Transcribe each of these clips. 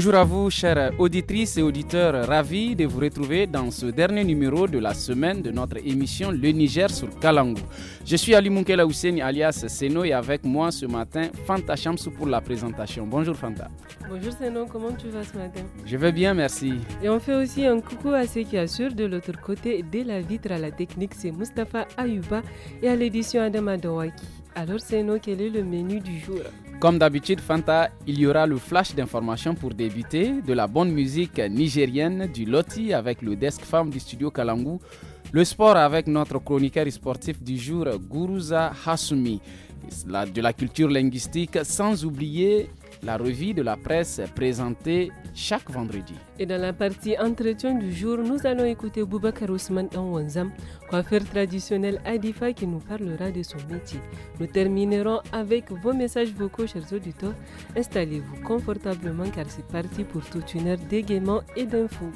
Bonjour à vous, chères auditrices et auditeurs, ravis de vous retrouver dans ce dernier numéro de la semaine de notre émission Le Niger sur Kalangou. Je suis Ali Moukela Housseni alias Seno et avec moi ce matin, Fanta Chamsou pour la présentation. Bonjour Fanta. Bonjour Seno, comment tu vas ce matin Je vais bien, merci. Et on fait aussi un coucou à ceux qui assurent de l'autre côté de la vitre à la technique, c'est Mustapha Ayuba et à l'édition Adama Dawaki. Alors c'est nous, quel est le menu du jour Comme d'habitude Fanta, il y aura le flash d'informations pour débuter, de la bonne musique nigérienne, du loti avec le desk femme du studio Kalangu, le sport avec notre chroniqueur sportif du jour Guruza Hasumi, de la culture linguistique sans oublier la revue de la presse présentée chaque vendredi. Et dans la partie entretien du jour, nous allons écouter Boubacar Ousmane Wanzam, coiffeur traditionnel Adifa qui nous parlera de son métier. Nous terminerons avec vos messages vocaux, chers auditeurs. Installez-vous confortablement car c'est parti pour toute une heure d'égaiement et d'infos.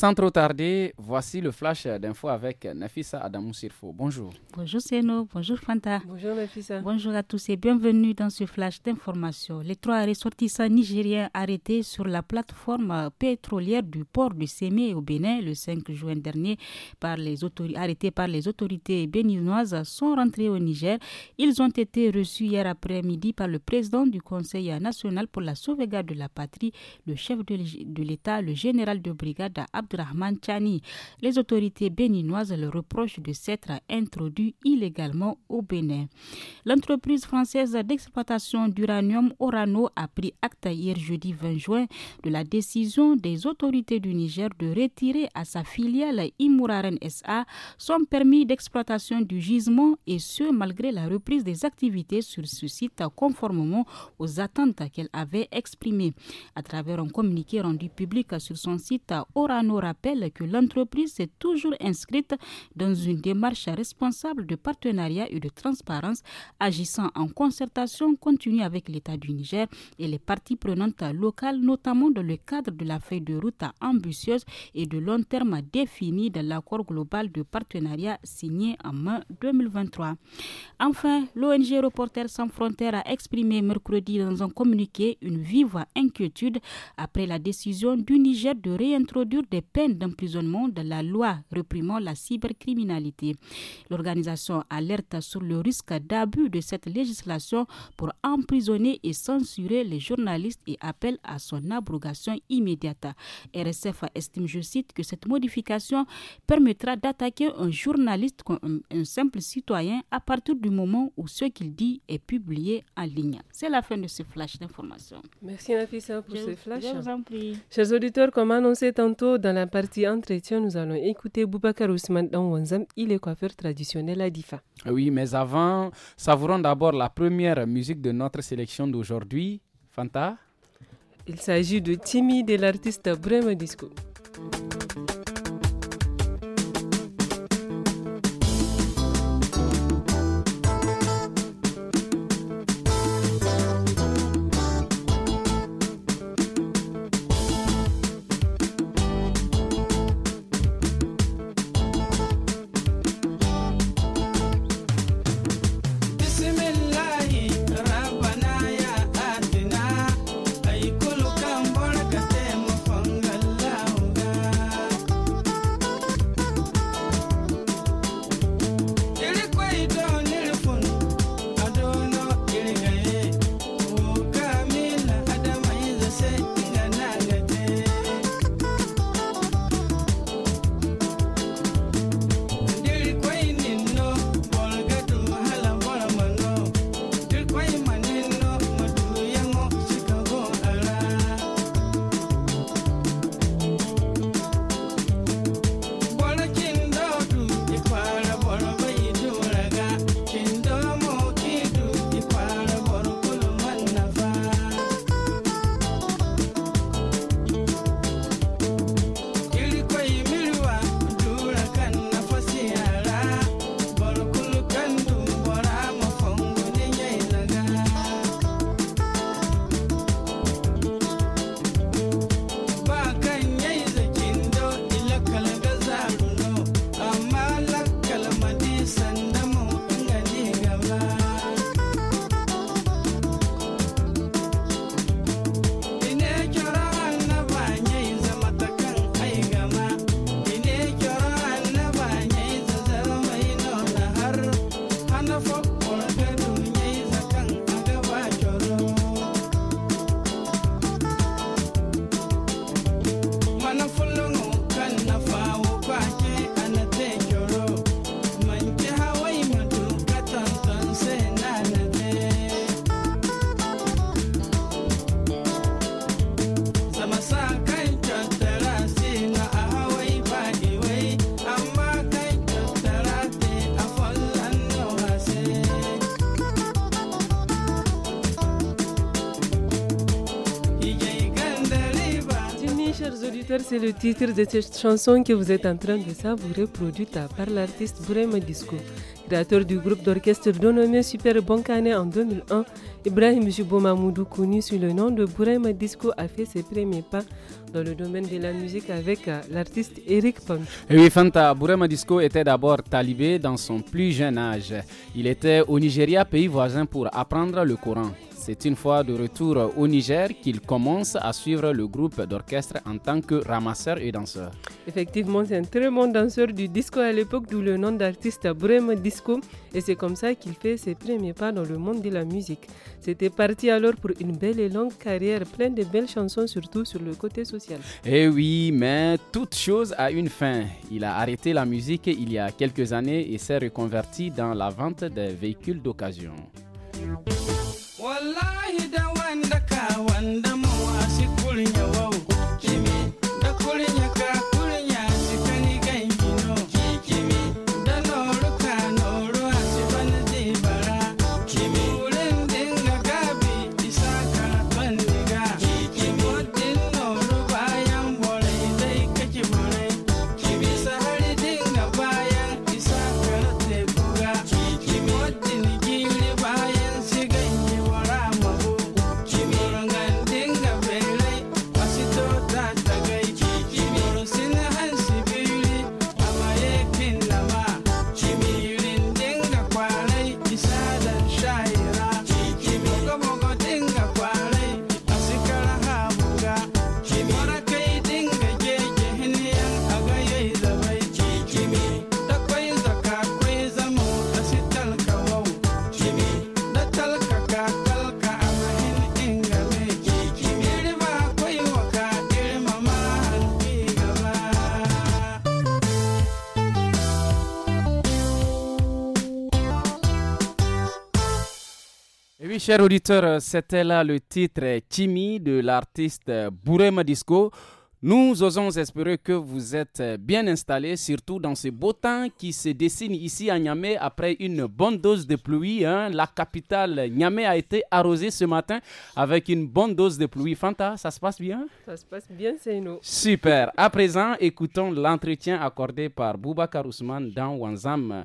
Sans trop tarder, voici le flash d'infos avec Nafissa Adamou Bonjour. Bonjour Seno, bonjour Fanta. Bonjour Nafissa. Bonjour à tous et bienvenue dans ce flash d'information. Les trois ressortissants nigériens arrêtés sur la plateforme pétrolière du port de Sémé au Bénin le 5 juin dernier par les arrêtés par les autorités béninoises sont rentrés au Niger. Ils ont été reçus hier après-midi par le président du Conseil national pour la sauvegarde de la patrie, le chef de l'État, le général de brigade à Rahman Chani. Les autorités béninoises le reprochent de s'être introduit illégalement au Bénin. L'entreprise française d'exploitation d'uranium Orano a pris acte hier jeudi 20 juin de la décision des autorités du Niger de retirer à sa filiale Imouraren SA son permis d'exploitation du gisement et ce malgré la reprise des activités sur ce site conformément aux attentes qu'elle avait exprimées. À travers un communiqué rendu public sur son site, Orano rappelle que l'entreprise s'est toujours inscrite dans une démarche responsable de partenariat et de transparence, agissant en concertation continue avec l'État du Niger et les parties prenantes locales, notamment dans le cadre de la feuille de route ambitieuse et de long terme définie dans l'accord global de partenariat signé en mai 2023. Enfin, l'ONG Reporters sans frontières a exprimé mercredi dans un communiqué une vive inquiétude après la décision du Niger de réintroduire des des peines d'emprisonnement de la loi réprimant la cybercriminalité. L'organisation alerte sur le risque d'abus de cette législation pour emprisonner et censurer les journalistes et appelle à son abrogation immédiate. RSF estime, je cite, que cette modification permettra d'attaquer un journaliste comme un simple citoyen à partir du moment où ce qu'il dit est publié en ligne. C'est la fin de ce flash d'information. Merci Nafisa pour ce flash. Chers auditeurs, comme annoncé tantôt dans dans la partie entretien, nous allons écouter Boubacar Ousmane Wanzam. Il est coiffeur traditionnel à Difa. Oui, mais avant, savourons d'abord la première musique de notre sélection d'aujourd'hui. Fanta Il s'agit de Timmy de l'artiste Brema Disco. c'est le titre de cette chanson que vous êtes en train de savourer, produite par l'artiste Burema Disco. Créateur du groupe d'orchestre Donomé Super Bonkane en 2001, Ibrahim Mamoudou, connu sous le nom de Burema Disco, a fait ses premiers pas dans le domaine de la musique avec euh, l'artiste Eric Pong. Oui, Fanta, Burema Disco était d'abord talibé dans son plus jeune âge. Il était au Nigeria, pays voisin, pour apprendre le Coran. C'est une fois de retour au Niger qu'il commence à suivre le groupe d'orchestre en tant que ramasseur et danseur. Effectivement, c'est un très bon danseur du disco à l'époque, d'où le nom d'artiste Breme Disco. Et c'est comme ça qu'il fait ses premiers pas dans le monde de la musique. C'était parti alors pour une belle et longue carrière, pleine de belles chansons, surtout sur le côté social. Eh oui, mais toute chose a une fin. Il a arrêté la musique il y a quelques années et s'est reconverti dans la vente des véhicules d'occasion. wallahi da wanda ka wanda Chers auditeurs, c'était là le titre Timmy de l'artiste Bourema Disco. Nous osons espérer que vous êtes bien installés, surtout dans ce beau temps qui se dessine ici à Niamey après une bonne dose de pluie. Hein. La capitale Niamey a été arrosée ce matin avec une bonne dose de pluie. Fanta, ça se passe bien Ça se passe bien, c'est nous. Super. À présent, écoutons l'entretien accordé par Boubacar Ousmane dans Wanzam.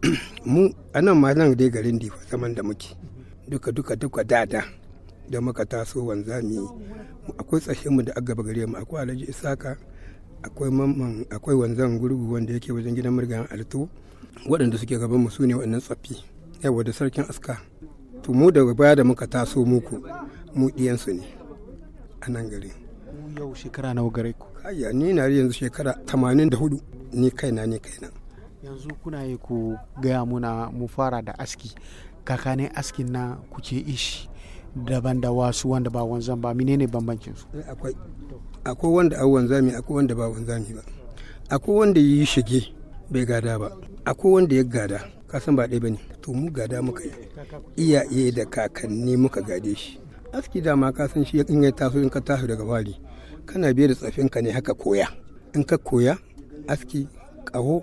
mu a nan ma nan dai garin difa zaman da muke duka duka duka dada da muka taso wanzami akwai tsashin mu da aka gaba gare mu akwai alhaji isaka akwai mamman akwai wanzan gurgu wanda yake wajen gidan murgan alto waɗanda suke gaban mu su ne waɗannan tsaffi yawa da sarkin aska to mu daga baya da muka taso muku mu ɗiyansu ne a nan gari yau shekara nawa gare ku ayya ni na yanzu shekara 84 ni kaina ni kaina yanzu kuna yi ku gaya muna mu fara da aski kakanin askin na kuke ishi daban da wasu wanda ba wanzan ba menene bambancin su eh, akwai akwai wanda a wanzami akwai wanda ba wanzami ba akwai wanda yi shige bai gada ba akwai wanda ya gada kasan ba ɗaya bane to mu gada muka yi iyaye da kakanni muka gade shi aski dama ka san shi in ya taso in ka taso daga wari kana biye da tsafinka ne haka koya in ka koya aski ƙaho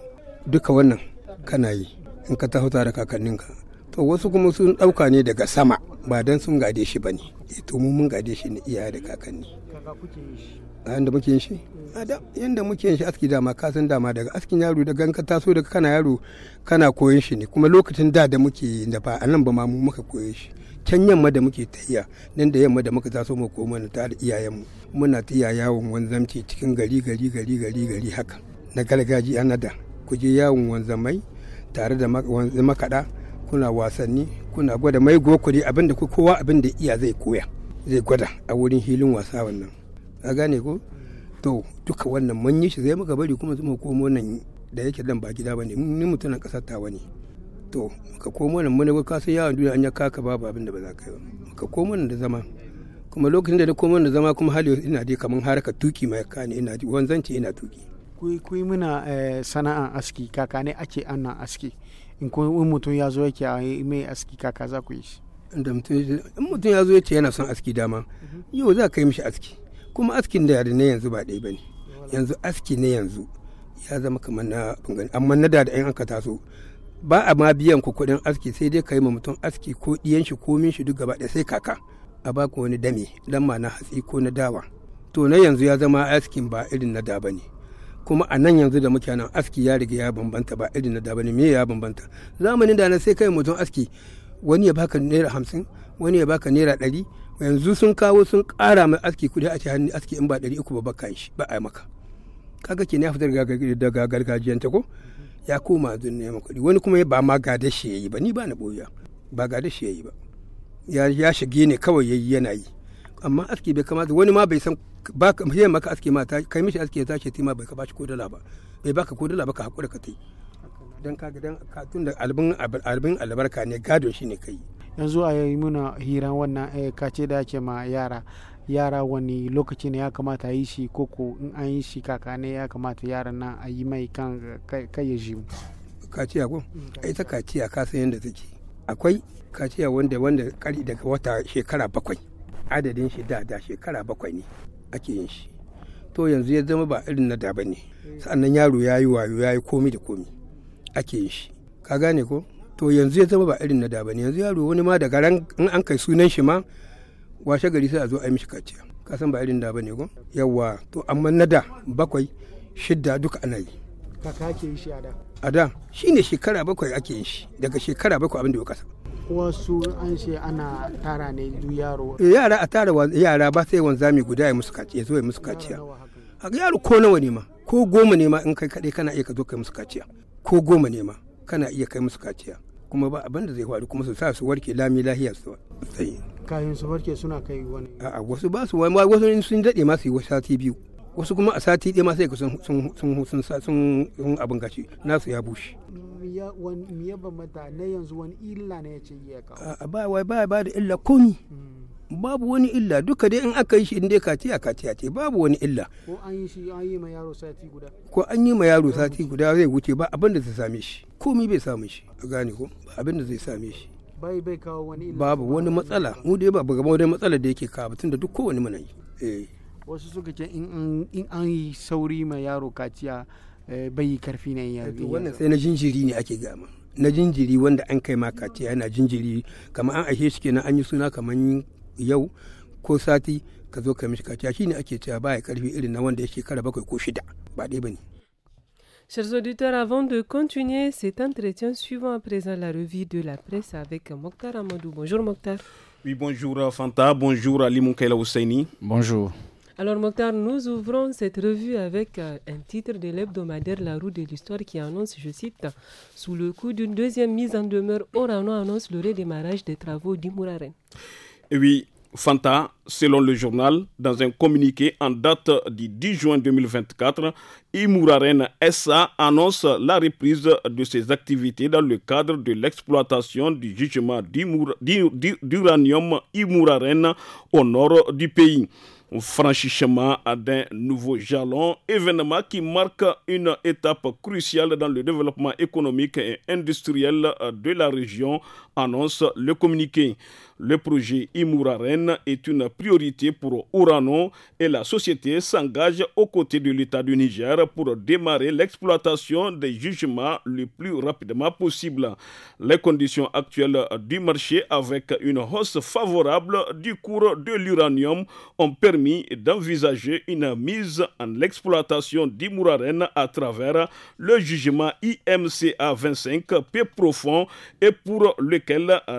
duka wannan kana yi in ka taho tare kakanninka to wasu kuma sun ɗauka ne daga sama ba dan sun gade shi ba ne eh, to mu mun gade shi ne iyaye da kakanni a yanda muke yin shi yanda muke yin shi aski dama ka san dama daga askin yaro daga ka taso daga kana yaro kana koyon shi ne kuma lokacin da da muke da ba nan ba ma mu muka koyon shi can yamma da muke tayya nan da yamma da muka taso mu koma na tare iyayenmu muna tayya yawon wanzamci cikin gari gari gari gari gari haka na gargajiya na da ku je yawon wanzamai tare da makaɗa kuna wasanni kuna gwada mai gokuri abinda ku kowa abinda iya zai koya zai gwada a wurin hilin wasa wannan a gane ko to duka wannan mun yi shi zai muka bari kuma mu komo nan da yake dan ba gida bane ni mutumin kasar tawa ne to muka komo nan mun ka san yawon duniya an ya kaka babu abinda ba za ka yi ba muka komo nan da zama kuma lokacin da na komo nan da zama kuma hali ina dai kaman haraka tuki mai kani ina wanzanci ina tuki kuyi muna eh, sana'a aski kaka ne ake annan aski in mutum ya zo yake a mai aski kaka za ku yi shi da mutum in ya zo yake yana son aski dama mhm. yau za ka yi mishi aski kuma askin da yadda ne yanzu ba ɗaya bane yanzu aski ne yanzu ya zama kamar na bangare amma na da da an aka taso ba a ma biyan ku kuɗin aski sai dai ka yi ma mutum aski ko ɗiyan shi ko min shi duk gaba ɗaya sai kaka a ba ku wani dame dan ma na hatsi ko na dawa to na yanzu ya zama askin ba irin na da bane kuma a nan yanzu da muke nan aski ya riga ya bambanta ba irin na da me ya bambanta zamanin da na sai kai mutum aski wani ya baka naira hamsin wani ya baka naira ɗari yanzu sun kawo sun ƙara mai aski kuɗi a hannun aski in ba ɗari uku ba baka shi ba a maka kaga ke ya fitar daga gargajiyanta ko ya koma zun neman kuɗi wani kuma ba ma gada shi ya yi ba ni ba na ɓoya ba gada shi ya yi ba ya shige ne kawai ya yi yana yi amma aski bai kamata wani ma bai san ba ka hiyan maka aski ma ta kai mishi aski ya tashi tima bai ka bashi ko dala ba bai baka ko dala ba ka hakura ka tai dan ka ga dan ka tun da albin albin albarka ne gado shi ne kai yanzu a yi muna hiran wannan eh, kace da ake ma yara yara wani lokaci ne ya kamata a yi shi koko in an yi shi kaka ne ya kamata yaran nan a yi mai kan kai ya ji kaciya ko mm. ai ta kaciya ka san yadda take akwai kaciya wanda wanda kari daga wata shekara bakwai adadin shi da da shekara bakwai ne ake yin shi to yanzu ya zama ba irin na da ba ne sa'annan yaro ya yi wayo ya yi komi da komi ake yin shi ka gane ko to yanzu ya zama ba irin na da ba ne yanzu yaro wani ma daga ran in an kai sunan shi ma washe gari sai a zo a yi mishi kaciya ka san ba irin da ba ne ko yawa to amma na da bakwai shidda duka ana yi kaka ake yin shi a da a da shine shekara bakwai ake yin shi daga shekara bakwai abin da ya kasa wasu an ce ana tara ne du yaro eh, yara a tara yara ba sai wanzami guda ya musu kaciya zo ya musu kaciya a yaro ko nawa ne ma ko goma ne ma in kai kaɗai kana iya ka zo kai musu kaciya ko goma ne ma kana iya kai musu kaciya kuma ba abin da zai faru kuma su sa su warke lami lahiya su sai kayan su warke suna kai wani a wasu ba su wasu sun daɗe ma su yi wasu sati biyu wasu kuma a sati ɗaya ma sai sun sun sun abin gashi nasu ya bushe ya mata na yanzu wani illa ne ya ce iya ba wai ba ba da illa komi hmm. babu wani illa duka dai in aka yi shi in dai kaciya a ce babu wani illa ko an yi shi an yi ma yaro sati guda ko an yi ma yaro sati guda zai wuce ba abin da zai same shi komi bai same shi a gane ko ba abin da zai same shi bai bai kawo wani illa babu wani matsala mu dai ba ga wani matsala da yake kawo tunda duk kowane muna yi eh wasu suka ce in an yi sauri ma yaro kaciya eh, bai yi karfi na yaro eh, wannan sai na jinjiri ne ake gama na jinjiri wanda an kai ma kaciya yana jinjiri kamar an ahe shi kenan an yi suna kamar yau ko sati ka zo ka mishi kaciya shine ake cewa baya karfi irin na wanda yake kara bakwai ko shida ba dai bane Chers auditeurs, avant de continuer cet entretien, suivant à présent la revue de la presse avec Mokhtar Amadou. Bonjour Mokhtar. Oui, bonjour Fanta, bonjour Ali Moukaila Hosseini. Bonjour. Alors Mokhtar, nous ouvrons cette revue avec euh, un titre de l'hebdomadaire La Roue de l'Histoire qui annonce, je cite, Sous le coup d'une deuxième mise en demeure, Orano annonce le redémarrage des travaux d'Imouraren. Oui, Fanta, selon le journal, dans un communiqué en date du 10 juin 2024, Imouraren SA annonce la reprise de ses activités dans le cadre de l'exploitation du jugement d'uranium Imouraren au nord du pays franchissement d'un nouveau jalon, événement qui marque une étape cruciale dans le développement économique et industriel de la région annonce le communiqué. Le projet Imouraren est une priorité pour Ourano et la société s'engage aux côtés de l'État du Niger pour démarrer l'exploitation des jugements le plus rapidement possible. Les conditions actuelles du marché avec une hausse favorable du cours de l'uranium ont permis d'envisager une mise en exploitation d'Imouraren à travers le jugement IMCA 25 P profond et pour le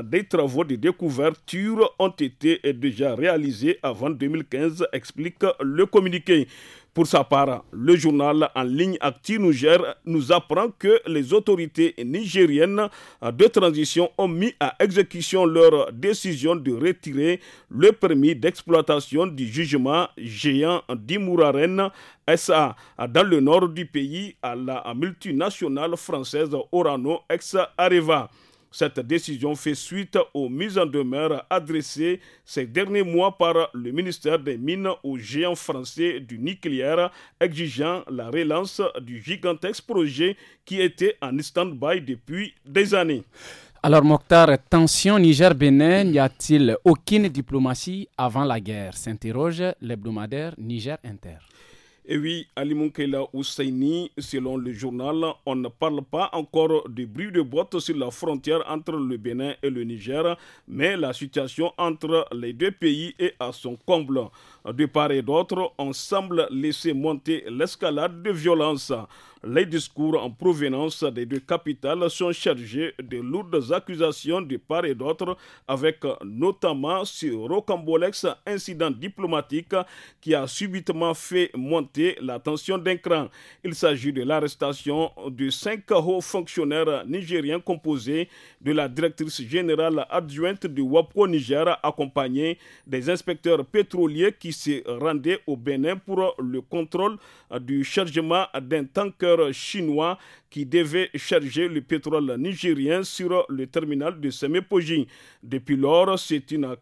des travaux de découverture ont été déjà réalisés avant 2015, explique le communiqué. Pour sa part, le journal en ligne Acti Nougère nous apprend que les autorités nigériennes de transition ont mis à exécution leur décision de retirer le permis d'exploitation du jugement géant d'Imouraren SA dans le nord du pays à la multinationale française Orano ex-Areva. Cette décision fait suite aux mises en demeure adressées ces derniers mois par le ministère des Mines aux géants français du nucléaire, exigeant la relance du gigantesque projet qui était en stand-by depuis des années. Alors Mokhtar, tension Niger-Bénin, n'y a-t-il aucune diplomatie avant la guerre s'interroge l'hebdomadaire Niger Inter. Et oui, Ali Moukela selon le journal, on ne parle pas encore du bruit de boîte sur la frontière entre le Bénin et le Niger, mais la situation entre les deux pays est à son comble de part et d'autre, on semble laisser monter l'escalade de violence. Les discours en provenance des deux capitales sont chargés de lourdes accusations de part et d'autre, avec notamment sur rocambolex incident diplomatique qui a subitement fait monter la tension d'un cran. Il s'agit de l'arrestation de cinq hauts fonctionnaires nigériens composés de la directrice générale adjointe du WAPO Niger, accompagnée des inspecteurs pétroliers qui s'est rendu au Bénin pour le contrôle euh, du chargement d'un tanker chinois qui devait charger le pétrole nigérien sur le terminal de Semepoji. Depuis lors, c'est une,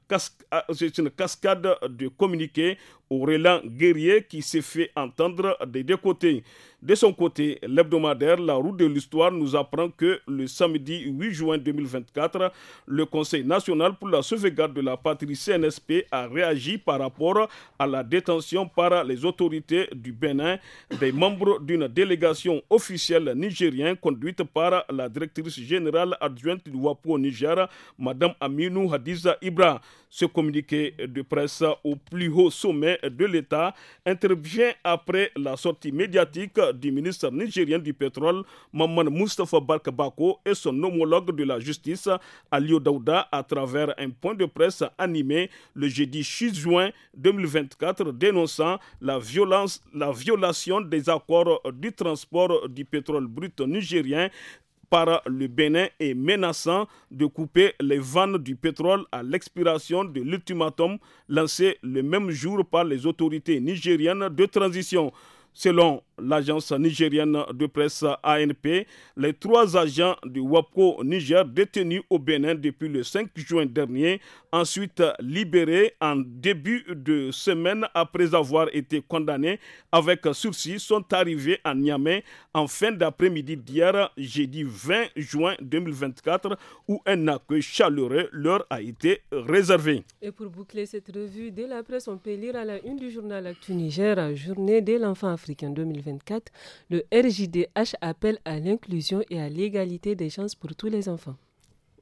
cascade de communiqués au relent guerrier qui s'est fait entendre des deux côtés. De son côté, l'hebdomadaire La Route de l'Histoire nous apprend que le samedi 8 juin 2024, le Conseil national pour la sauvegarde de la patrie CNSP a réagi par rapport à la détention par les autorités du Bénin des membres d'une délégation officielle nigérienne conduite par la directrice générale adjointe du WAPO au Niger, Madame Aminu Hadiza Ibra. Ce communiqué de presse au plus haut sommet de l'État intervient après la sortie médiatique du ministre nigérien du pétrole, Maman Moustapha Barkabako, et son homologue de la justice, Alio Daouda, à travers un point de presse animé le jeudi 6 juin 2024 dénonçant la, violence, la violation des accords du transport du pétrole brut nigérien par le Bénin et menaçant de couper les vannes du pétrole à l'expiration de l'ultimatum lancé le même jour par les autorités nigériennes de transition. Selon l'agence nigérienne de presse ANP, les trois agents du WAPCO Niger détenus au Bénin depuis le 5 juin dernier, ensuite libérés en début de semaine après avoir été condamnés avec sursis, sont arrivés à Niamey en fin d'après-midi d'hier, jeudi 20 juin 2024, où un accueil chaleureux leur a été réservé. Et pour boucler cette revue, dès la presse, on peut lire à la une du journal Actu Niger, Journée de l'enfant africain 2024 le RJDH appelle à l'inclusion et à l'égalité des chances pour tous les enfants.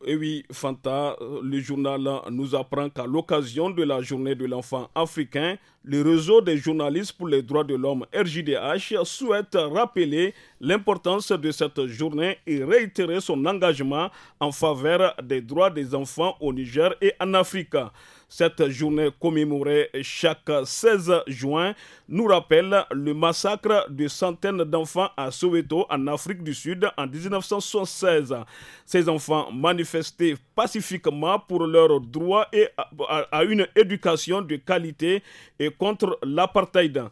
Et eh oui, Fanta, le journal nous apprend qu'à l'occasion de la journée de l'enfant africain, le réseau des journalistes pour les droits de l'homme RJDH souhaite rappeler l'importance de cette journée et réitérer son engagement en faveur des droits des enfants au Niger et en Afrique. Cette journée commémorée chaque 16 juin nous rappelle le massacre de centaines d'enfants à Soweto en Afrique du Sud en 1976. Ces enfants manifestaient pacifiquement pour leurs droits et à une éducation de qualité et contre l'apartheid.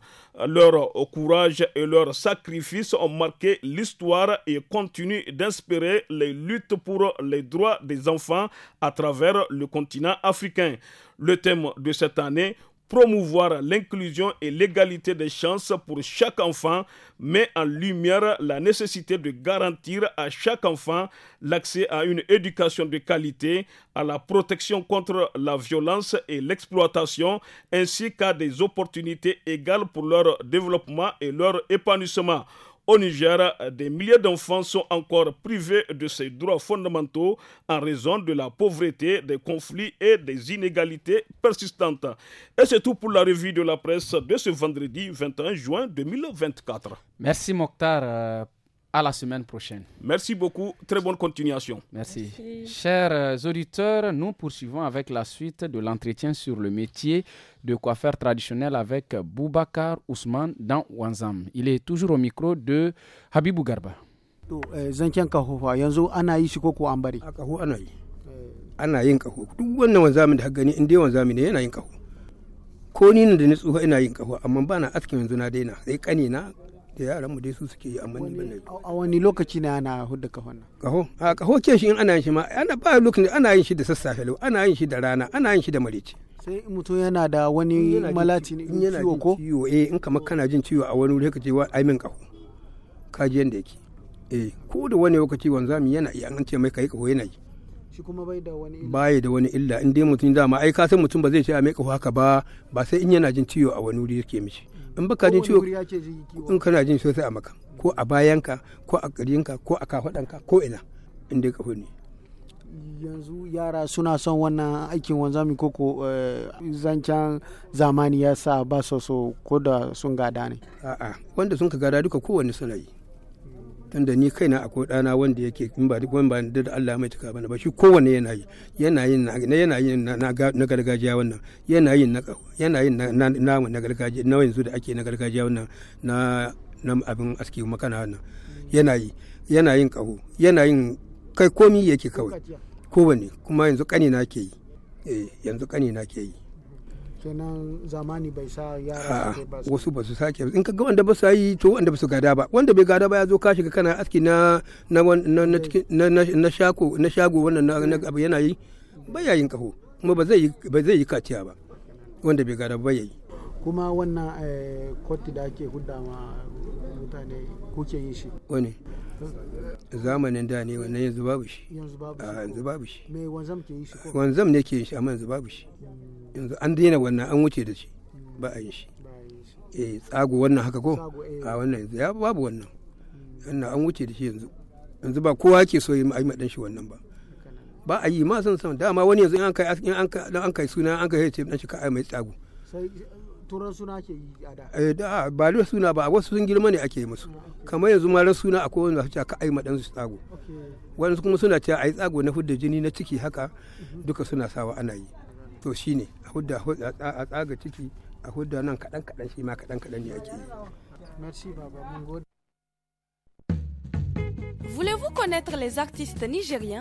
Leur courage et leur sacrifice ont marqué l'histoire et continuent d'inspirer les luttes pour les droits des enfants à travers le continent africain. Le thème de cette année, promouvoir l'inclusion et l'égalité des chances pour chaque enfant, met en lumière la nécessité de garantir à chaque enfant l'accès à une éducation de qualité, à la protection contre la violence et l'exploitation, ainsi qu'à des opportunités égales pour leur développement et leur épanouissement. Au Niger, des milliers d'enfants sont encore privés de ces droits fondamentaux en raison de la pauvreté, des conflits et des inégalités persistantes. Et c'est tout pour la revue de la presse de ce vendredi 21 juin 2024. Merci Mokhtar euh, à la semaine prochaine. Merci beaucoup. Très bonne continuation. Merci. Chers euh, auditeurs, nous poursuivons avec la suite de l'entretien sur le métier de coiffeur traditionnel avec Boubacar Ousmane dans Wanzam. Il est toujours au micro de Habibou Garba. da yaran mu dai su suke yi amma ni ban a wani lokaci ne ana hudda kahon nan kaho a kaho ke shi in ana yin shi ma ana ba lokacin ana yin shi da sassafe lau ana yin shi da rana ana yin shi da marece sai mutum yana da wani malati ne ciwo ko ciwo eh in kamar kana jin ciwo a wani wuri ka wa ai min kaho ka ji yanda yake eh ko da wani lokaci mu yana iya an ce mai kai kaho yana yi shi kuma bai da wani illa bai da wani illa in dai mutum dama ai ka san mutum ba zai ce a mai kaho haka ba ba sai in yana jin ciwo a wani wuri yake mishi in baka jin ciwo in kana jin ciwo sai a maka ko a bayanka ko a ƙirjinka ko a kafaɗanka ko ina in dai kafo ne yanzu yara suna son wannan aikin wanzami koko eh, zancen zamani ya sa ba so ko da sun gada ne a'a wanda sun ka gada duka kowanne suna yi tunda ni kaina akwai ɗana wanda yake in ba duk da Allah mai tuka bana ba shi kowanne yana yi yana yin na yana yin na gargajiya wannan yana yin na yana yin na na gargajiya na yanzu da ake na gargajiya wannan na na abin aski makana wannan yana yi yana yin kaho yana yin kai komi yake kawai kowanne kuma yanzu kanina ke yi eh, yanzu kanina ke yi kenan zamani bai sa yara suke ba wasu ba su sake in ka ga wanda ba su yi to wanda ba su gada ba wanda bai gada ba ya zo ka shiga kana aski na na na eh. na na na shago wannan na eh. abu yana yi ba ya yin kaho kuma ba zai ba zai yi kaciya ba wanda bai gada ba ya yi. kuma wannan eh, koti da ake hudda mutane kuke yin shi wani zamanin da ne wannan yanzu babu shi yanzu babu shi ah, wanzam ne ke yin shi amma yanzu babu shi hmm. yanzu an daina wannan an wuce da shi ba a yin shi hmm. eh tsago wannan haka ko a eh. ah, wannan yanzu ya babu wannan hmm. wannan an wuce da shi yanzu yanzu ba kowa ke so yi dan shi wannan ba ba a yi ma san san dama wani yanzu in an kai suna an kai ce dan shi ka ai mai tsago turan suna ke yi a da eh ba da suna ba wasu sun girma ne ake musu mm, kamar yanzu marar suna a kowane wasu cewa ka ai madan su tsago wani kuma suna cewa a yi tsago na fudda jini na ciki haka mm-hmm. duka suna sawa ana yi to shi ne a hudda a tsaga ciki a hudda nan kadan kadan shi ma kadan kadan ne ake yi merci baba mun gode Voulez-vous connaître les artistes nigériens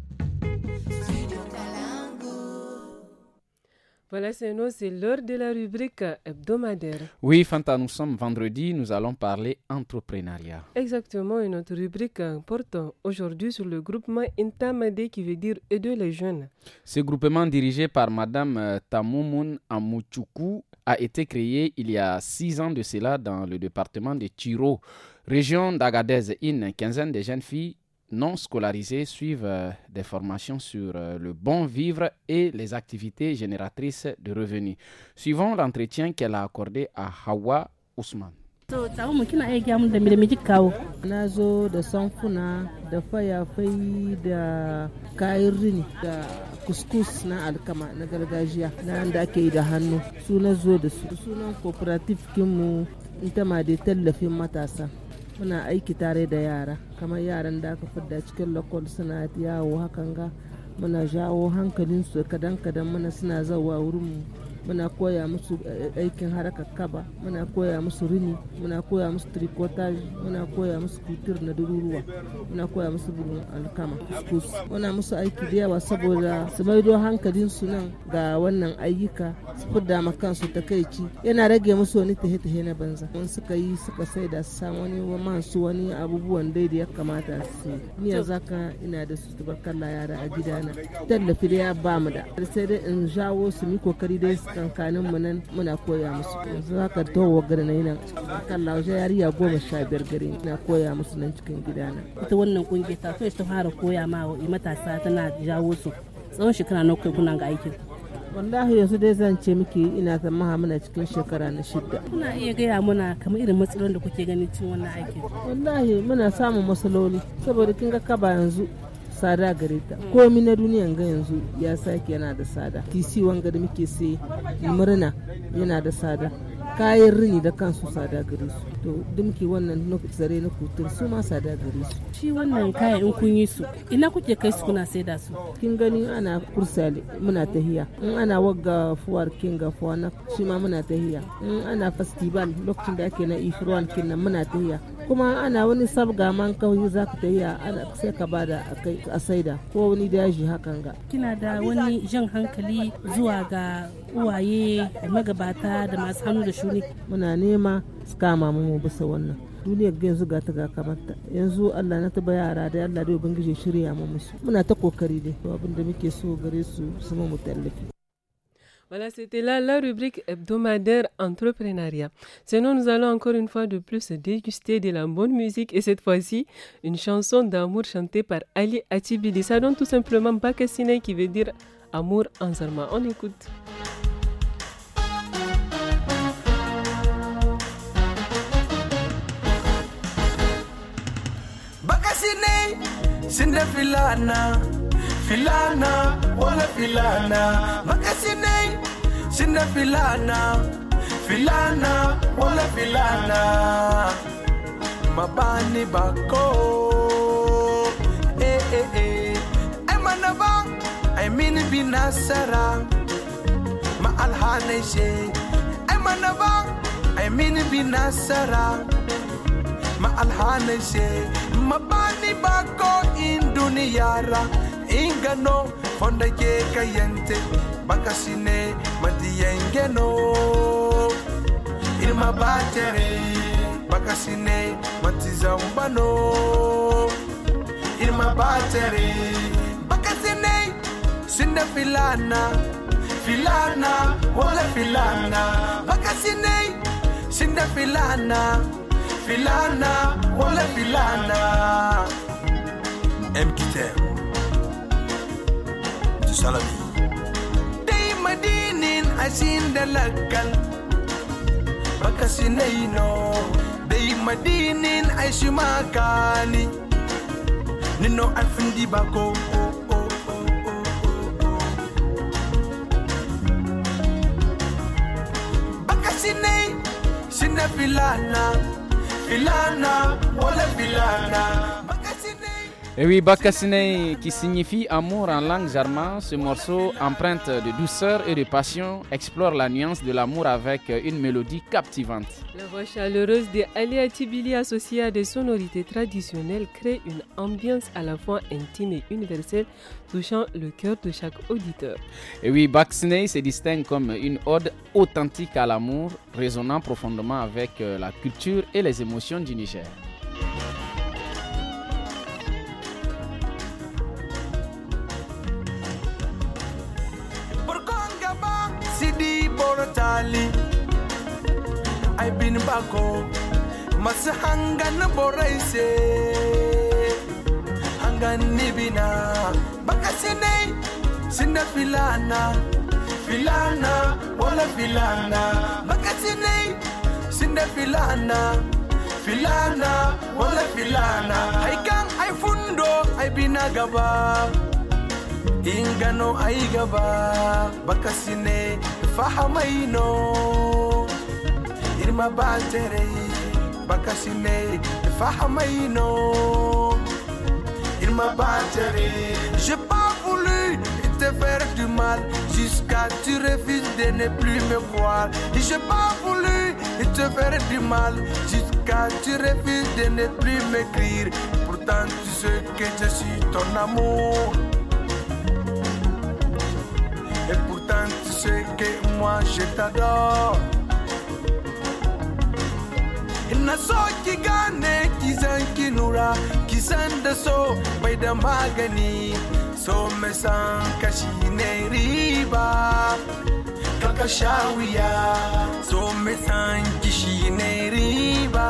Voilà, c'est nous, c'est l'heure de la rubrique hebdomadaire. Oui, Fanta, nous sommes vendredi, nous allons parler entrepreneuriat. Exactement, et notre rubrique porte aujourd'hui sur le groupement Intamade qui veut dire aider les jeunes. Ce groupement dirigé par Madame euh, Tamoumoun Amouchoukou a été créé il y a six ans de cela dans le département de Tiro, région d'Agadez. Une quinzaine de jeunes filles non scolarisés suivent euh, des formations sur euh, le bon vivre et les activités génératrices de revenus. Suivant l'entretien qu'elle a accordé à Hawa Ousmane. muna aiki tare da yara kamar yaran da aka fidda cikin lokal suna yawo hakan ga muna jawo hankalin su kadan kadan muna suna zawa wurin mu muna koya musu eh, aikin harakar kaba muna koya musu rini muna koya musu tricotage muna koya musu kutir na dururuwa muna koya musu bugun alkama kuskus muna musu aiki da yawa saboda su maido hankalin su nan ga wannan ayyuka su fidda ma kansu takaici yana rage musu wani tahe-tahe na banza in suka yi suka saida su samu wani masu wani abubuwan dai da ya kamata su ni yanzu haka ina da su tabarkalla yara a gidana tallafi da ya ba mu da sai dai in jawo su yi kokari dai kankanin mu nan muna koya musu yanzu haka towa gari na yana kan lauje yariya goma sha biyar gari na koya musu nan cikin gidana ita wannan kungiyar ta so ta fara koya ma matasa tana jawo su tsawon shekara na kai kuna ga aikin wallahi yanzu dai zan ce miki ina zama muna cikin shekara na shida kuna iya gaya muna kamar irin matsalolin da kuke ganin cin wannan aikin wallahi muna samun matsaloli saboda kin ga kaba yanzu sada gare ta mm. komi na duniya ga yanzu ya sake yana da sada tc wanga da muke sai murna yana da sada kayan rini da kansu sada gare su to dumki wannan zare na kutur su ma sada gare su shi wannan kaya in kun yi su ina kuke kai su kuna saida su kin gani ana kursale muna tahiya in ana wagga fuwar kin ga fuwa shi ma muna tahiya in ana festival lokacin da ake na ifirwan kin nan muna tahiya kuma ana wani sabga man kauye za ka tafiya ana sai ka bada a saida ko wani daji hakan ga kina da wani jan hankali zuwa ga uwaye magabata da masu hannu da shuni muna nema su kama mu bisa wannan duniyar yanzu ga ta ga kamata yanzu Allah na taba yara da Allah da ubangiji shirya mu musu muna ta kokari dai abin da muke so gare su su mu tallafi Voilà, c'était là la rubrique hebdomadaire entrepreneuriat. Sinon, nous allons encore une fois de plus déguster de la bonne musique et cette fois-ci, une chanson d'amour chantée par Ali Atibidi. Ça donne tout simplement Bakassine qui veut dire amour en zarma. On écoute. Bakassine, c'est filana wala filana makasinay sina filana filana wala filana mabani bako eh eh eh ay manaba ay min binasara ma alhanay shay ay manaba ay min binasara ma alhanay shay mabani bako induniyara ingano fonda ke kayente bakasine madiyengeno irma batere bakasine matizaubano irma batere bakasine sinde filana filana wala filana bakasine sinde filana filana, wole filana. Mkitem, Salami. Day madinin asin dalagal, no. Day madinin ay sumakani, nino alfindi bako. Bakasinay, sinapilana. filana filana, ole filana. Et oui, Bakasine, qui signifie amour en langue jarma, ce morceau empreinte de douceur et de passion explore la nuance de l'amour avec une mélodie captivante. La voix chaleureuse de Ali tibili associée à des sonorités traditionnelles crée une ambiance à la fois intime et universelle, touchant le cœur de chaque auditeur. Et oui, Bakasine se distingue comme une ode authentique à l'amour, résonnant profondément avec la culture et les émotions du Niger. Sidi I've been back home. Masu hangan na borai se. Hangan nibina. Baka sinai, filana. Filana, wala filana. Baka sinai, filana. Filana, wala filana. Ai kan I fundo, ai bina gaba. ingano ay bakasine fahamaino irma baatere bakasine Il irma baatere j'ai pas voulu te faire du mal jusqu'à tu refuses de ne plus me voir j'ai pas voulu te faire du mal jusqu'à tu refuses de ne plus m'écrire pourtant tu sais que je suis ton amour Et pourtant tu sais que moi je t'adore Na nasoki gane kisan kinura kisan da so bai da magani so mai san kashi ne riba kaka sha so mai san kishi ne riba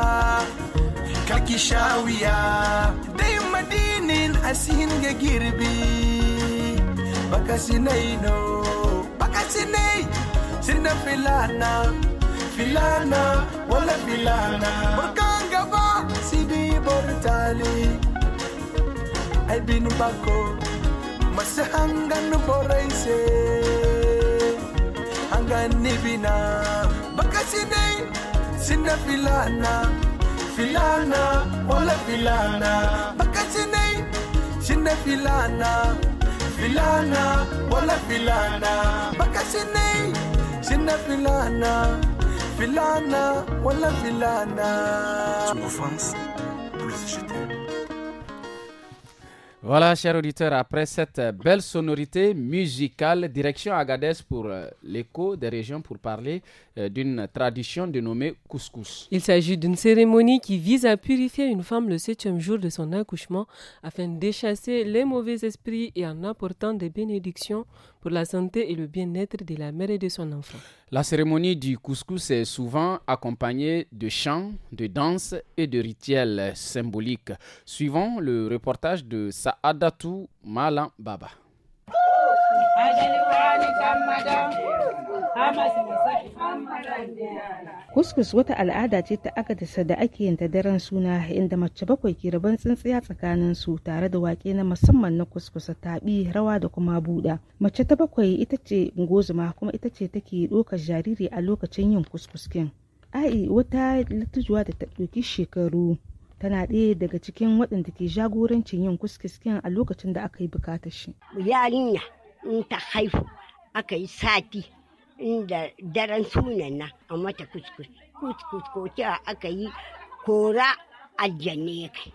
kaki shawiya wuya dai madinin asin ga girbi baka sinai no makasini sina filana filana wala filana bukan gaba sidi bortali ay binu bako masa hanggan boraise hanggan nibina bakasini sina filana filana wala filana Bakasine, bakasini sina filana voilà, chers auditeurs, après cette belle sonorité musicale, direction Agadez pour euh, l'écho des régions pour parler euh, d'une tradition dénommée couscous. Il s'agit d'une cérémonie qui vise à purifier une femme le septième jour de son accouchement afin de d'échasser les mauvais esprits et en apportant des bénédictions pour la santé et le bien-être de la mère et de son enfant. La cérémonie du couscous est souvent accompagnée de chants, de danses et de rituels symboliques. suivant le reportage de Saadatou Malam Baba. Kuskus wata al'ada ce ta agadisa da ake yin ta daren suna inda mace bakwai ke rabon tsintsiya tsakanin su tare da wake na musamman na kuskusa tabi, rawa da kuma buɗa. Mace ta bakwai ita ce ngozuma kuma ita ce take doka jariri a lokacin yin kuskuskin. Ai wata litujuwa da ta ɗauki shekaru tana ɗaya daga cikin waɗanda ke jagorancin yin kuskuskin a lokacin da aka yi bukatar shi. Yarinya in ta haihu aka yi sati inda daren sunan nan a mata kuskus kuskus ko cewa aka yi kora ajiye ka.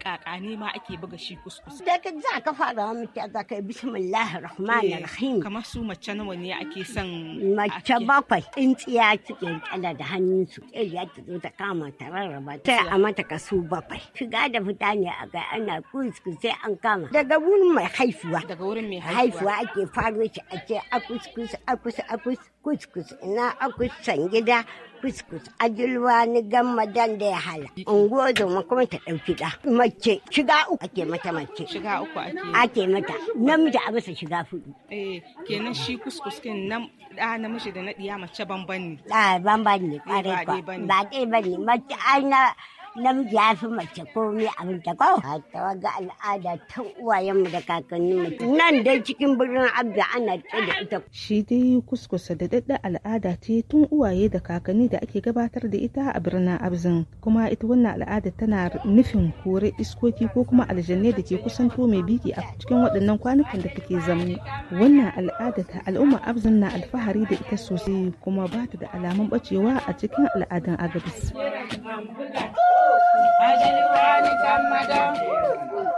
Kakane ma ake buga shi kuskus. Da ka za ka fara mita za ka yi bismillahir rahmanir rahim. Kamar su mace nawa ne ake son mace bakwai in tsiya cikin kyala da hannun su. ya ta zo ta kama ta rarraba ta a mata kaso bakwai. Shiga da fita ne a ga ana kuskus sai an kama. Daga wurin mai haifuwa. Daga wurin mai haifuwa. Haifuwa ake faro shi a ce akuskus akus akus kuskus ina akus sangida kuskus a gilwa ni gamma dan da ya hala ungo zoma kuma ta ɗauki da mace shiga uku ake mata mace shiga uku ake mata namiji a bisa shiga fudu eh kenan shi kuskus kin nan da namiji da na diya mace banban ne da banban ne eh, ba dai ba ne mace ai na namiji ya fi mace komai abin ta ko ta ga al'ada ta uwayenmu da kakanni nan dai cikin birnin abda ana ce da ita shi dai kuskusa da dadda al'ada ce tun uwaye da kakanni da ake gabatar da ita a birnin abzin kuma ita wannan al'ada tana nufin kore iskoki ko kuma aljanne da ke kusanto mai biki a cikin waɗannan kwanukan da take zama wannan al'ada ta al'umma abzin na alfahari da ita sosai kuma ba ta da alamun bacewa a cikin al'adun agabis.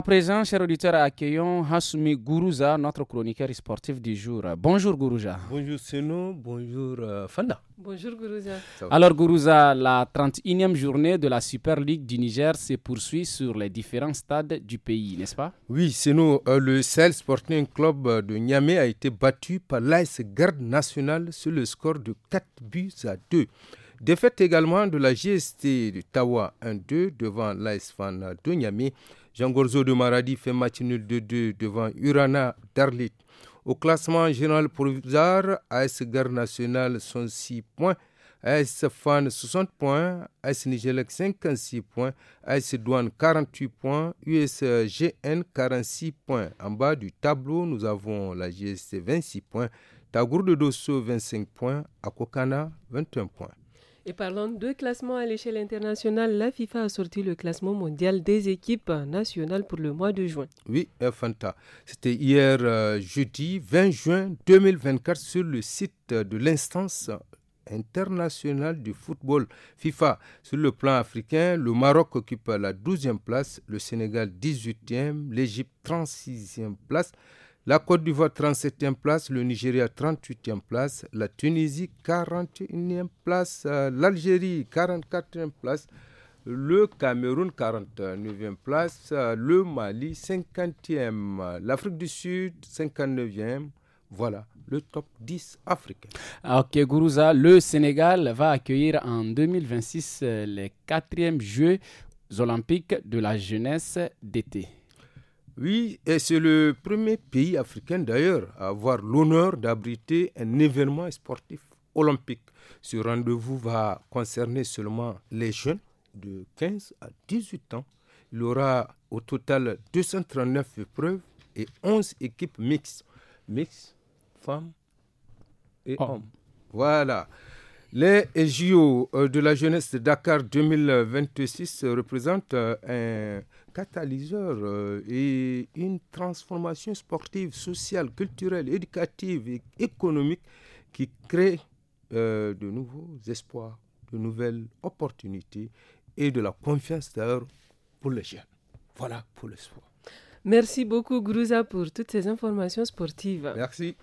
À présent, chers auditeurs, accueillons Hassoumi Gourouza, notre chroniqueur sportif du jour. Bonjour Gourouza. Bonjour Seno, bonjour euh, Fanda. Bonjour Gourouza. Alors Gourouza, la 31e journée de la Super League du Niger se poursuit sur les différents stades du pays, n'est-ce pas Oui Seno, euh, le Sahel Sporting Club de Niamey a été battu par l'Ice Garde Nationale sur le score de 4 buts à 2. Défaite également de la GST de Tawa 1-2 devant l'AS Fan de Niamey. Jean-Gorzo de Maradi fait match nul de 2 devant Urana d'Arlit. Au classement général provisoire, AS Guerre Nationale sont 6 points, AS Fan 60 points, AS Nigelec 56 points, AS Douane 48 points, USGN 46 points. En bas du tableau, nous avons la GST 26 points, Tagour de Dosso 25 points, Akokana 21 points. Et parlons de classement à l'échelle internationale. La FIFA a sorti le classement mondial des équipes nationales pour le mois de juin. Oui, Fanta. C'était hier euh, jeudi 20 juin 2024 sur le site de l'instance internationale du football FIFA. Sur le plan africain, le Maroc occupe la 12e place, le Sénégal 18e, l'Égypte 36e place. La Côte d'Ivoire 37e place, le Nigeria 38e place, la Tunisie 41e place, euh, l'Algérie 44e place, le Cameroun 49e place, euh, le Mali 50e, l'Afrique du Sud 59e. Voilà le top 10 africain. Ok, Gourouza, le Sénégal va accueillir en 2026 euh, les 4e Jeux olympiques de la jeunesse d'été. Oui, et c'est le premier pays africain d'ailleurs à avoir l'honneur d'abriter un événement sportif olympique. Ce rendez-vous va concerner seulement les jeunes de 15 à 18 ans. Il aura au total 239 épreuves et 11 équipes mixtes. Mixtes, femmes et hommes. Voilà. Les JO euh, de la jeunesse Dakar 2026 représentent euh, un catalyseur euh, et une transformation sportive, sociale, culturelle, éducative et économique qui crée euh, de nouveaux espoirs, de nouvelles opportunités et de la confiance d'ailleurs pour les jeunes. Voilà pour le l'espoir. Merci beaucoup, Grouza, pour toutes ces informations sportives. Merci.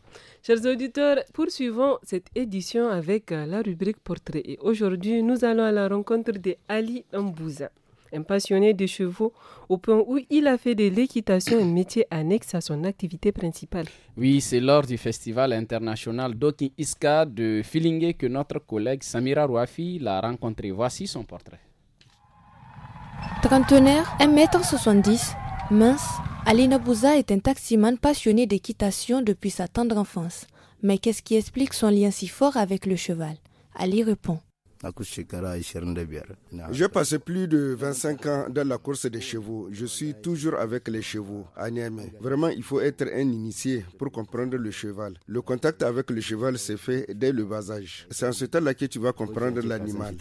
Chers auditeurs, poursuivons cette édition avec euh, la rubrique portrait. Et aujourd'hui, nous allons à la rencontre de Ali Mbouza un passionné des chevaux, au point où il a fait de l'équitation un métier annexe à son activité principale. Oui, c'est lors du Festival international Doki Iska de Filingue que notre collègue Samira Rouafi l'a rencontré. Voici son portrait. Trentenaire, 1m70, mince, Ali Nabouza est un taximan passionné d'équitation depuis sa tendre enfance. Mais qu'est-ce qui explique son lien si fort avec le cheval Ali répond je passé plus de 25 ans dans la course des chevaux. Je suis toujours avec les chevaux à Niamey. Vraiment, il faut être un initié pour comprendre le cheval. Le contact avec le cheval se fait dès le bas âge. C'est en ce temps-là que tu vas comprendre l'animal.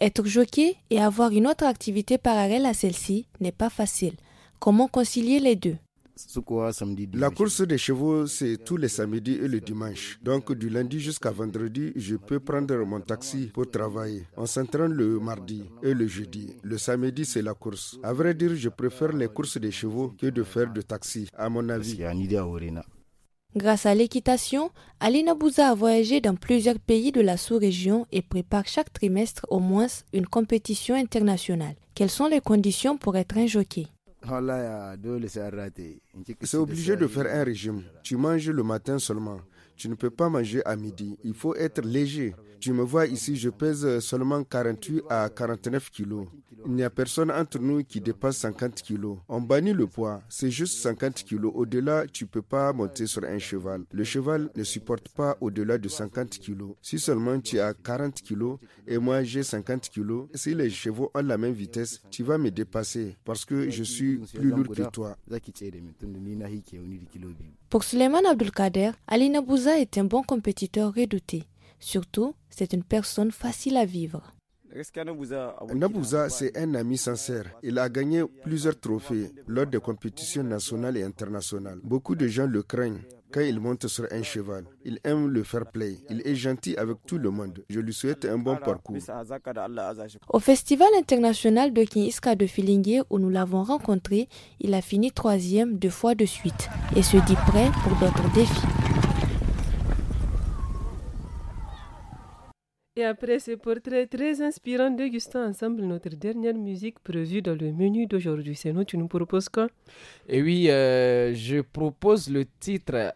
Être jockey et avoir une autre activité parallèle à celle-ci n'est pas facile. Comment concilier les deux la course des chevaux, c'est tous les samedis et le dimanche. Donc, du lundi jusqu'à vendredi, je peux prendre mon taxi pour travailler. On s'entraîne le mardi et le jeudi. Le samedi, c'est la course. À vrai dire, je préfère les courses des chevaux que de faire de taxi, à mon avis. Grâce à l'équitation, Alina Bouza a voyagé dans plusieurs pays de la sous-région et prépare chaque trimestre au moins une compétition internationale. Quelles sont les conditions pour être un jockey c'est obligé de faire un régime. Tu manges le matin seulement. Tu ne peux pas manger à midi. Il faut être léger. Tu me vois ici, je pèse seulement 48 à 49 kilos. Il n'y a personne entre nous qui dépasse 50 kilos. On bannit le poids. C'est juste 50 kilos. Au-delà, tu peux pas monter sur un cheval. Le cheval ne supporte pas au-delà de 50 kilos. Si seulement tu as 40 kilos et moi j'ai 50 kilos, si les chevaux ont la même vitesse, tu vas me dépasser parce que je suis plus lourd que toi. Pour Suleiman Abdulkader, Ali Nabouza est un bon compétiteur redouté. Surtout, c'est une personne facile à vivre. Nabouza, c'est un ami sincère. Il a gagné plusieurs trophées lors des compétitions nationales et internationales. Beaucoup de gens le craignent. Quand il monte sur un cheval, il aime le fair play. Il est gentil avec tout le monde. Je lui souhaite un bon parcours. Au Festival international de Kiniska de Filingue, où nous l'avons rencontré, il a fini troisième deux fois de suite et se dit prêt pour d'autres défis. Et après ce portrait très inspirant de Ensemble, notre dernière musique prévue dans le menu d'aujourd'hui. C'est nous, tu nous proposes quoi Eh oui, euh, je propose le titre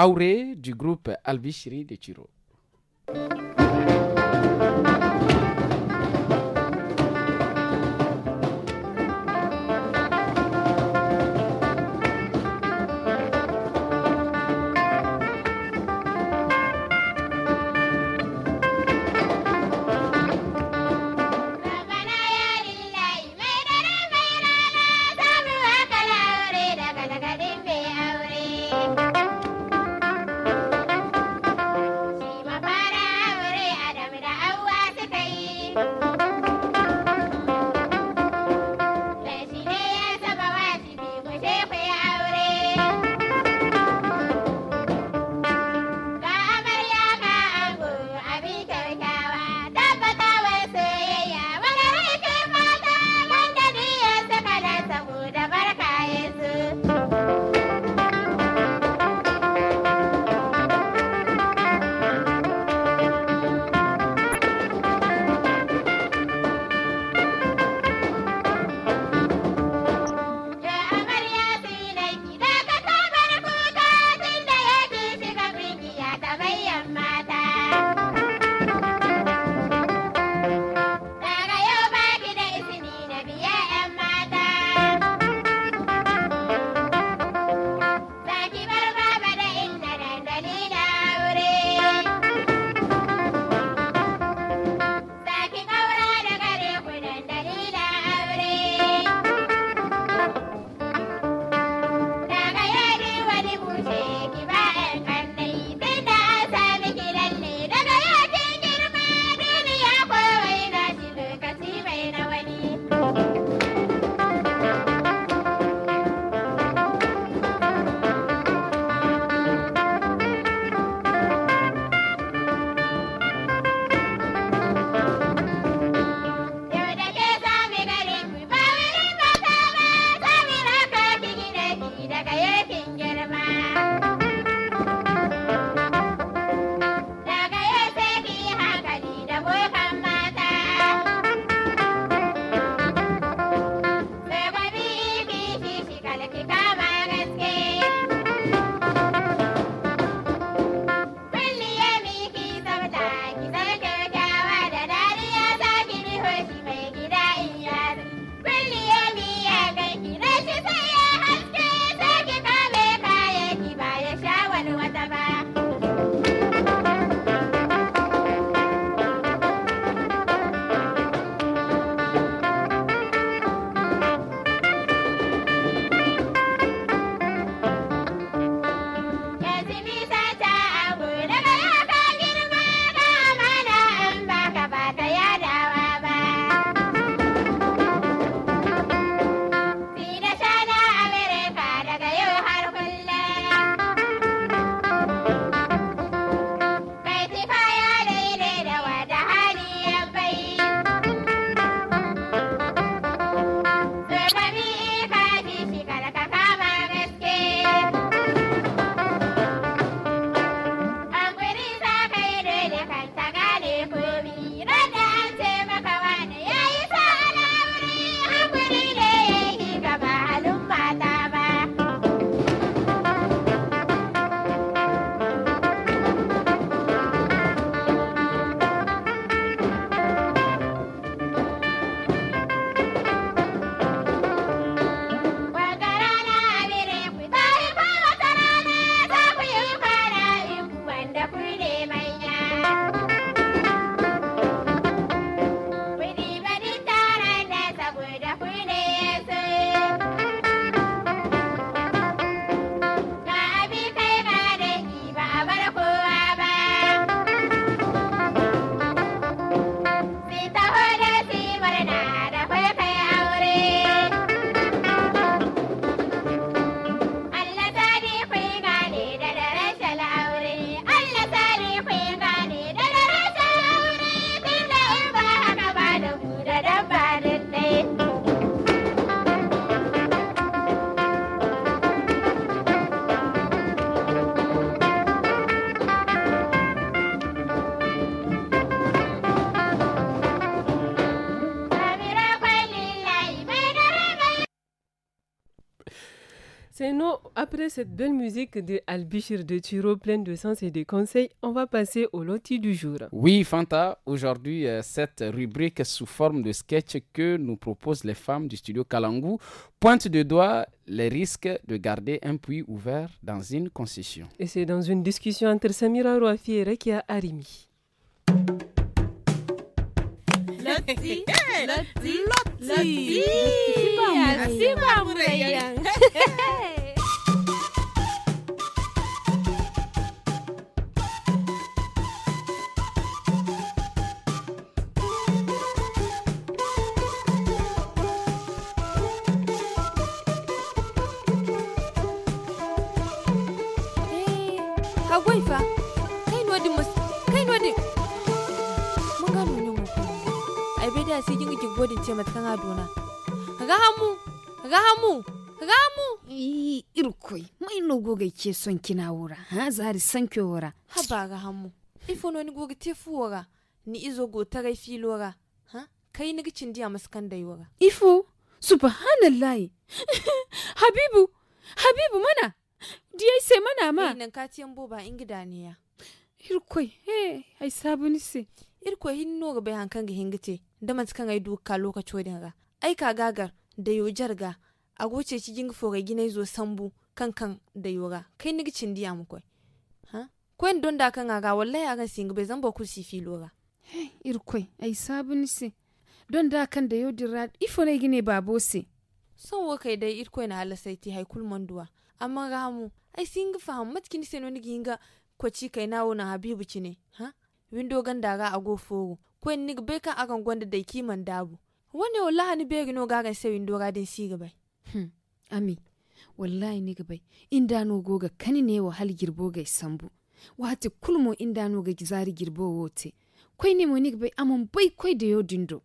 Auré du groupe Albichiri de Chiro. Après cette belle musique de Albichir de Turo, pleine de sens et de conseils, on va passer au loti du jour. Oui, Fanta, aujourd'hui, euh, cette rubrique sous forme de sketch que nous proposent les femmes du studio Kalangu pointe de doigt les risques de garder un puits ouvert dans une concession. Et c'est dans une discussion entre Samira Rouafi et Rekia Arimi. Loti Loti godin ce mata kanga dona rahamu rahamu rahamu irkoi mai no goga ke son kina wura ha zari san ke wura ha ba hamu ifo no ni goga te fu wura ni izo go tarai filo wura ha kai ni gicin diya maskan dai wura ifo subhanallahi habibu habibu mana diyai sai mana ma nan ka tiyan boba in gida ne ya irkoi he ai sabuni se irko hinno ga bai hankan ga hingite da man kan ai duka lokaci ga ai ka gagar da yo jarga a goce ci jinga foga gina zo sambu kan kan da yoga kai ni gicin diya mu koi ha kwen don da kan ga wallahi kan singa bai zan ba ku si fi ga irko ai sabun si don da kan da yo dira ifo ne gine babo si son wo kai dai irko na sai ti haikul manduwa amma ga mu ai singa fahimmat kin ni ginga ci kai nawo na habibu ne ha windo ganda ga ago fogo kwen nig beka akan gwanda da kiman dabu wani wallahi ni begi no gagan sai windo din si gabai hmm. ami wallahi ni gabai inda no goga kani ne wa hal girbo ga sambu wati kulmo inda no ga gizari girbo wote kwai ne mo ni gabai amon bai kwai da yo dindo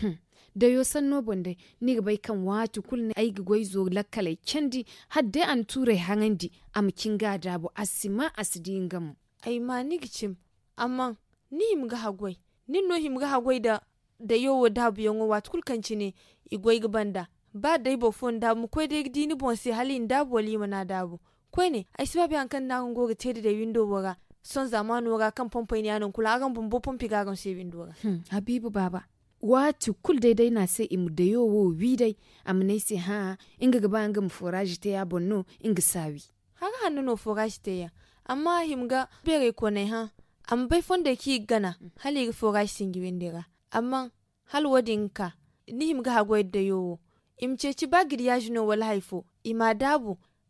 hmm. da yo no bonde ni gabai kan wati kulne ai ga zo lakkalai kendi hadde an ture hangandi am kinga dabu asima asidingamu ai ma ni gicim amma ni himga hagwai ni no himga hagwai da da yowo da bu yongo wat kulkanci ne igwai gbanda ba dai bo fon da mu kwai dai dini bon si halin da boli mana da bu kwai ne ai sibabi an kan na ngo te da window wora son zamanu wora kan pompo ne anan kula agan bombo pompi ga gan window hmm, habibu baba watu kul daidai na sai imu da yowo wi dai amne si ha inga gaba anga mu forage te ya bonno inga sawi haka hannu no forage te ya amma himga bere ko ne ha am fonde ki gana mm. hali foga singi wendera amma hal wadinka nihim ga hago da yowo im ba no wal haifo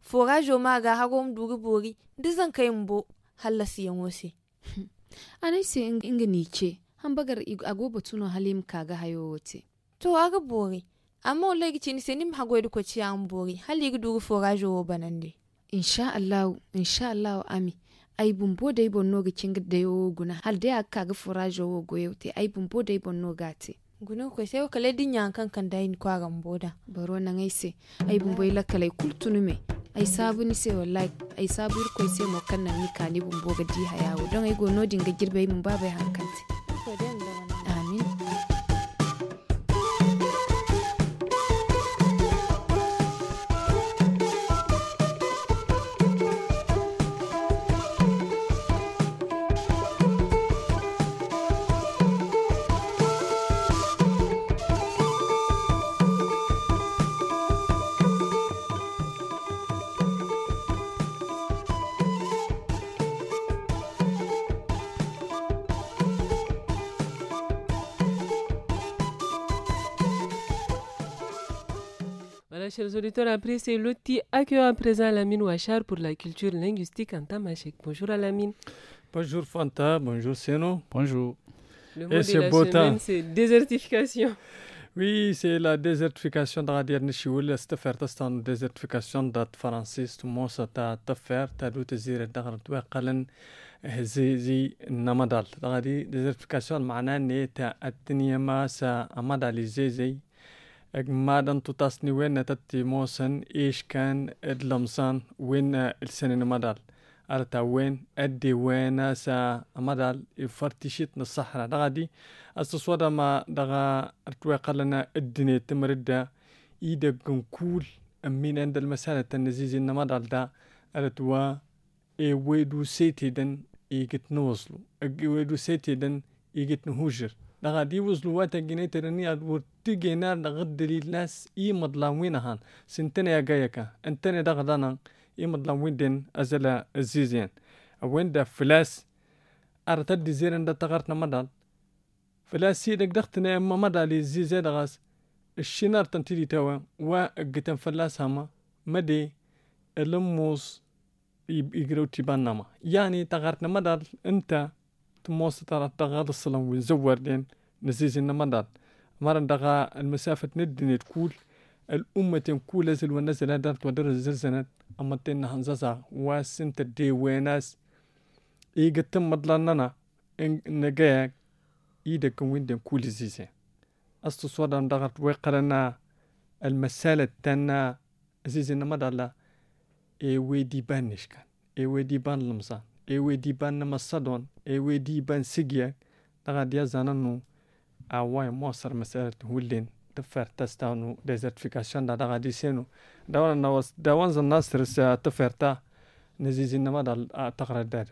forajo ma ga hago bori duk kai mbo halasi yan wose anai se inga ni halim kaga hayo to aga bori amma wallahi gici ni se ko ci bori hali ga forajo wo banande insha Allah insha ami ay bumbo day bonno ga cinga dayo guna hal day akka ga forage wo goyo te ay bumbo day bonno gati guna ko sai din dinya kan kan dayin kwa mboda baro na ai se ay bumbo ila kale kultunu me ai sabu ni se wallahi ai sabu ko sai mo kan nan ni kani bumbo ga di hayawo don ai gono ga girbe mun babai hankanti chers auditeurs. Après c'est l'outil accueillant à présent Lamine Ouachar pour la culture linguistique en Tamashek. Bonjour mine. Bonjour Fanta, bonjour Seno. Bonjour. Le mot Et de la semaine, c'est désertification. Oui, c'est la désertification da dernier chiwul c'est une désertification da فرانسيس موسى de تفر تلو تزير دغر la هزي زي نمدال désertification معناه ني تا الدنيا ما سا امدال madan tutasni wenna tatti mosan ishkan edlamsan wenna ilsenin eh, madal arta وين أدي وين سا مدال فرتشيت الصحراء دغادي أستصودا ما دغا أرتويق لنا الدنيا تمرد إيدا كنكول أمين عند المسالة النزيز إن مدال دا أرتوا إي ويدو سيتي دن إيجت نوصلو إي ويدو سيتي دن إيجت نهوجر لغادي يوصلوا واتا جيني ترني ادور تيجينا لغدر الناس اي مضلاوين هان سنتنا يا جايكا انتنا دغدانا اي مضلاوين دين ازلا الزيزين وين دا فلاس ارتد زيرن دا تغرتنا مدال فلاس سيدك دختنا اما مدال الزيزين غاس الشنار تنتيدي توا وقتن فلاس هما مدي اللموس يقرو تبان يعني تغرتنا مدال انت موسى ترى تغاد لصلا ونزور لين نزيز النمضات مرة دغا المسافة ندني تقول الأمة تنكول لازل ونزل هذا تودر الزلزنة أما تينا هنزازا واسن تدي ويناس إيجا تم إن نجاك إيدا كوين دين كول زيزي أستو سوادا ندغت ويقرنا المسالة تانا زيزي نمدالا إي ويدي بانشكا إي ويدي دي بان لمزان ewedi ban namasadon ewedi ban sigya dagadia zananu awai mosar masarat hullin تفر تستانو ديزرتفيكاسيون دا da ديسينو داوان نواس داوان زناصر تفرتا نزيزي نما دا تقرا دار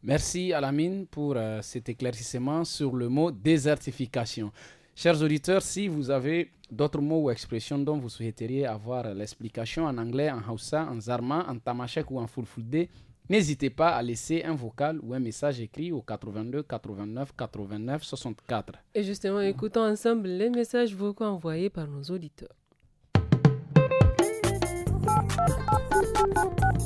Merci Alamine pour euh, cet éclaircissement sur le mot désertification. Chers auditeurs, si vous avez d'autres mots ou expressions dont vous souhaiteriez avoir l'explication en anglais, en Hausa, en Zarma, en Tamashek ou en Fulfulde, N'hésitez pas à laisser un vocal ou un message écrit au 82 89 89 64. Et justement, mmh. écoutons ensemble les messages vocaux envoyés par nos auditeurs.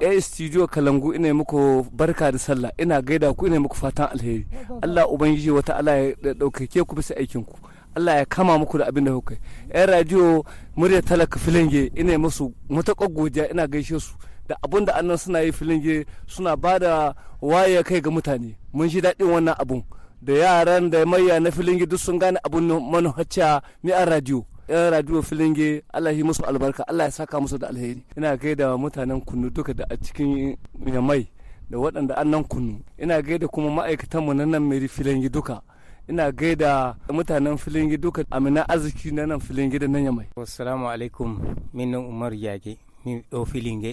a studio kalangu ina muku barka da sallah ina gaida ku ina muku fatan alheri allah ubangiji wata allah ya ɗaukake ku bisa aikin ku allah ya kama muku da abin da kuka yan radio murya talaka filinge ina musu matakwa godiya ina gaishe su da abun da annan suna yi filinge suna ba da waye kai ga mutane mun ji daɗin wannan abun da yaran da mayya na filinge duk sun gane abun manhaja ni a radio yan radio filinge Allah yi musu albarka Allah ya saka musu da alheri ina gaida mutanen kunu duka da a cikin yamai da waɗanda annan kunu ina gaida kuma mu na nan meri filinge duka ina gaida mutanen filinge duka amina arziki na nan filinge da nan yamai assalamu alaikum min umar yage min do filinge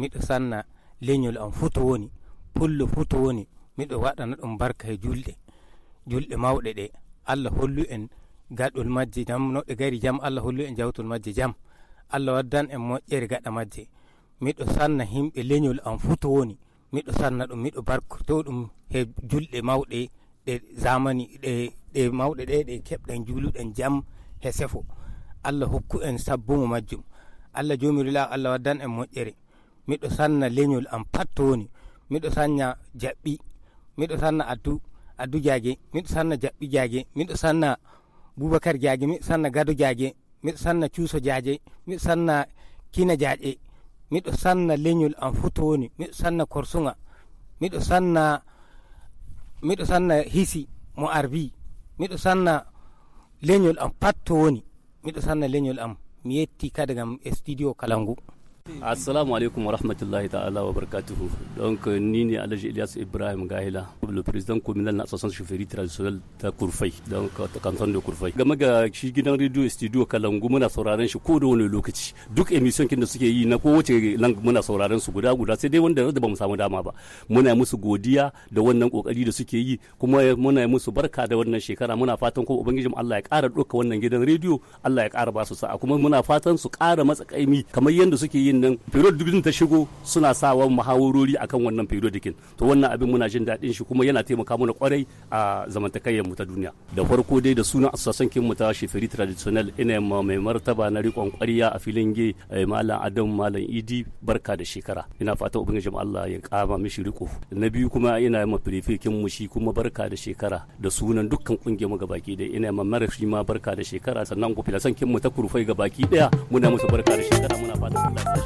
mi do sanna lenyol an futo woni pullo futo woni miɗo waɗana ɗum barka e julde julɗe mawɗe de allah hollu en gaɗol majje jam no ɗe gari jam allah hollu en jawtol majje jam allah waddan en moƴƴere gaɗa majje miɗo sanna himɓe leñol am fuu to woni miɗo sanna ɗum miɗo barkoto ɗum he julɗe mawɗe ɗe zamani ɗe ɗe mawɗe ɗe ɗe keɓɗen juluɗen jam he sefo allah hokku en sabbumo majjum allah jomirila allah waddan en moƴƴere miɗo sanna leñol am pat to woni miɗo sanna jaɓɓi miɗo sanna addu addu jaage miɗo sanna jaɓɓi jaage miɗo sanna bubakar jage mi sanna gado jage mi sanna cuso jaaje mi sanna kina mi miɗo sanna lenyul an futoni mi miɗo sanna mi miɗo sanna do sanna hisi mo arbi miɗo sanna lenyul an patto woni miɗo sanna lenyul am mi yetti kadi gam e studio kalangu Assalamu alaikum wa rahmatullahi ta'ala wa barakatuhu. Donc ni ne Alhaji Ilyas Ibrahim Gahila, le président communal na association chauffeurie traditionnelle ta Kurfai, donc ta euh, canton de Kurfai. Game ga shi gidan radio studio Kalangu muna sauraron shi ko da wani lokaci. Duk emission kin da suke yi na kowace nan muna sauraron su guda guda sai dai wanda da bamu samu dama ba. Muna musu godiya da wannan kokari da suke yi kuma muna musu barka da wannan shekara muna fatan ko ubangijin Allah ya kara doka wannan gidan radio Allah ya kara ba su sa'a kuma muna fatan su kara matsakaimi kamar yadda suke yi periodin nan dukkan ta shigo suna sawa muhawarori akan wannan periodin to wannan abin muna jin daɗin shi kuma yana taimaka mana kwarai a zamantakayyar mu ta duniya da farko dai da sunan assasan kin mu ta sheferi traditional ina mai martaba na rikon kwariya a filin ge eh, malam adam malam idi barka da shekara ina fata ubangiji Allah ya kama mishi riko na biyu kuma ina ma firifirkin mu shi kuma barka da shekara da sunan dukkan kungiyar mu gabaki da ina ma mara shi ma barka da shekara sannan ku filasan kin mu ta kurfai gabaki daya muna musu barka da shekara muna fata Allah ya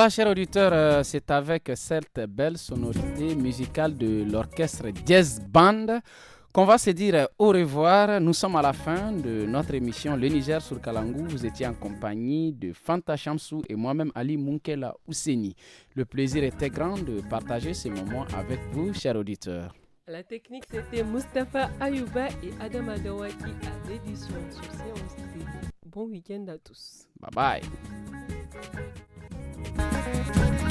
Voilà, chers auditeurs, euh, c'est avec cette belle sonorité musicale de l'orchestre Jazz Band qu'on va se dire euh, au revoir. Nous sommes à la fin de notre émission Le Niger sur Kalangou. Vous étiez en compagnie de Fanta Chamsou et moi-même Ali Munkela Ouseni. Le plaisir était grand de partager ces moments avec vous, chers auditeurs. La technique, c'était Mustapha Ayouba et Adam Adawaki à l'édition sur Bon week-end à tous. Bye bye. you.